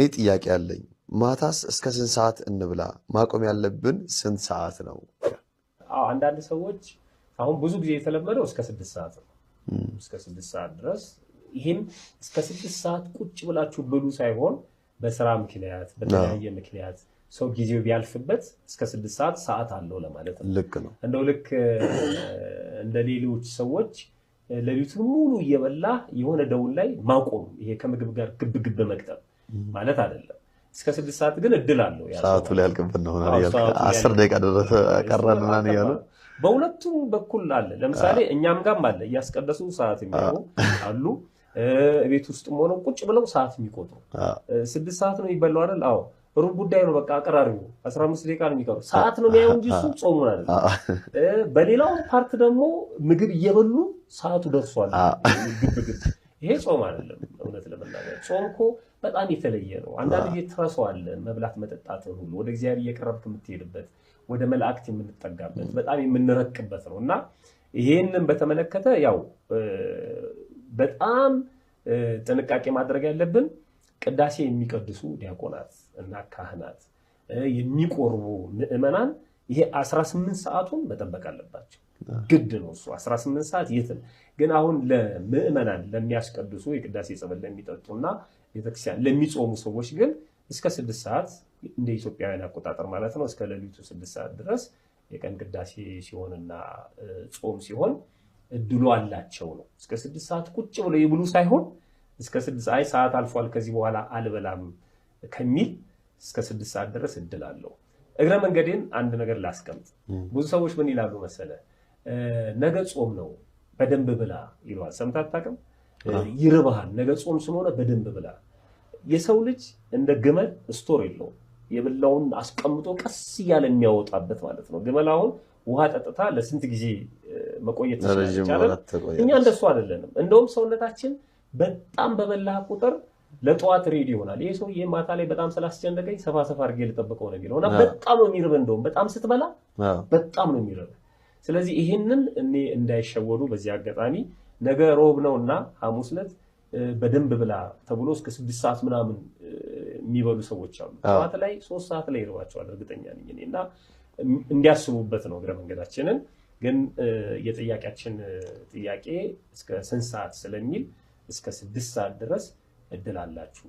እኔ ጥያቄ አለኝ። ማታስ እስከ ስንት ሰዓት እንብላ? ማቆም ያለብን ስንት ሰዓት ነው? አንዳንድ ሰዎች አሁን ብዙ ጊዜ የተለመደው እስከ ስድስት ሰዓት ነው። እስከ ስድስት ሰዓት ድረስ ይህም እስከ ስድስት ሰዓት ቁጭ ብላችሁ ብሉ ሳይሆን በስራ ምክንያት በተለያየ ምክንያት ሰው ጊዜው ቢያልፍበት እስከ ስድስት ሰዓት ሰዓት አለው ለማለት ነው። ልክ ነው። እንደው ልክ እንደ ሌሎች ሰዎች ሌሊቱን ሙሉ እየበላ የሆነ ደውል ላይ ማቆም ይሄ ከምግብ ጋር ግብግብ መቅጠብ ማለት አይደለም። እስከ ስድስት ሰዓት ግን እድል አለው። ሰዓቱ ሊያልቅብን ነው አስር ደቂቃ ደረሰ ቀረን ምናምን እያሉ በሁለቱም በኩል አለ። ለምሳሌ እኛም ጋም አለ እያስቀደሱ ሰዓት የሚያሉ አሉ። ቤት ውስጥም ሆነው ቁጭ ብለው ሰዓት የሚቆጥሩ ስድስት ሰዓት ነው ይበላው አይደል? አዎ ሩብ ጉዳይ ነው በቃ አቀራሪቡ አስራ አምስት ደቂቃ ነው የሚቀሩ ሰዓት ነው የሚያየው እንጂ እሱ ጾሙን አለ። በሌላው ፓርት ደግሞ ምግብ እየበሉ ሰዓቱ ደርሷል ግብግብ። ይሄ ጾም አይደለም። እውነት ለመናገር ጾም እኮ በጣም የተለየ ነው። አንዳንድ ጊዜ ትረሳዋለህ፣ መብላት መጠጣትን ሁሉ ወደ እግዚአብሔር እየቀረብክ የምትሄድበት ወደ መላእክት የምንጠጋበት በጣም የምንረቅበት ነው እና ይሄንን በተመለከተ ያው በጣም ጥንቃቄ ማድረግ ያለብን ቅዳሴ የሚቀድሱ ዲያቆናት እና ካህናት የሚቆርቡ ምዕመናን ይሄ 18 ሰዓቱን መጠበቅ አለባቸው። ግድ ነው እሱ 18 ሰዓት የት ግን አሁን ለምእመናን ለሚያስቀድሱ የቅዳሴ ጸበል ለሚጠጡና ቤተክርስቲያን ለሚጾሙ ሰዎች ግን እስከ ስድስት ሰዓት እንደ ኢትዮጵያውያን አቆጣጠር ማለት ነው እስከ ሌሊቱ ስድስት ሰዓት ድረስ የቀን ቅዳሴ ሲሆንና ጾም ሲሆን እድሉ አላቸው ነው። እስከ ስድስት ሰዓት ቁጭ ብሎ ይብሉ ሳይሆን እስከ ስድስት ሰዓት አልፏል ከዚህ በኋላ አልበላም ከሚል እስከ ስድስት ሰዓት ድረስ እድል አለው። እግረ መንገዴን አንድ ነገር ላስቀምጥ። ብዙ ሰዎች ምን ይላሉ መሰለ፣ ነገ ጾም ነው በደንብ ብላ ይለዋል። ሰምተህ አታውቅም? ይርባሃል፣ ነገ ጾም ስለሆነ በደንብ ብላ። የሰው ልጅ እንደ ግመል ስቶር የለውም። የብላውን አስቀምጦ ቀስ እያለ የሚያወጣበት ማለት ነው። ግመል አሁን ውሃ ጠጥታ ለስንት ጊዜ መቆየት ትችላለች። እኛ እንደሱ አይደለንም። እንደውም ሰውነታችን በጣም በበላህ ቁጥር ለጠዋት ሬዲ ይሆናል። ይሄ ሰውዬ ማታ ላይ በጣም ስላስጨነቀኝ ሰፋ ሰፋ አድርጌ ልጠብቀው ነው የሚለው እና በጣም ነው የሚርብ። እንደውም በጣም ስትበላ በጣም ነው የሚርብ። ስለዚህ ይህንን እኔ እንዳይሸወዱ በዚህ አጋጣሚ ነገ ሮብ ነው እና ሐሙስ ዕለት በደንብ ብላ ተብሎ እስከ ስድስት ሰዓት ምናምን የሚበሉ ሰዎች አሉ። ጠዋት ላይ ሶስት ሰዓት ላይ ይርባቸዋል እርግጠኛ ነኝ እና እንዲያስቡበት ነው እግረ መንገዳችንን። ግን የጥያቄያችን ጥያቄ እስከ ስንት ሰዓት ስለሚል እስከ ስድስት ሰዓት ድረስ እድል አላችሁ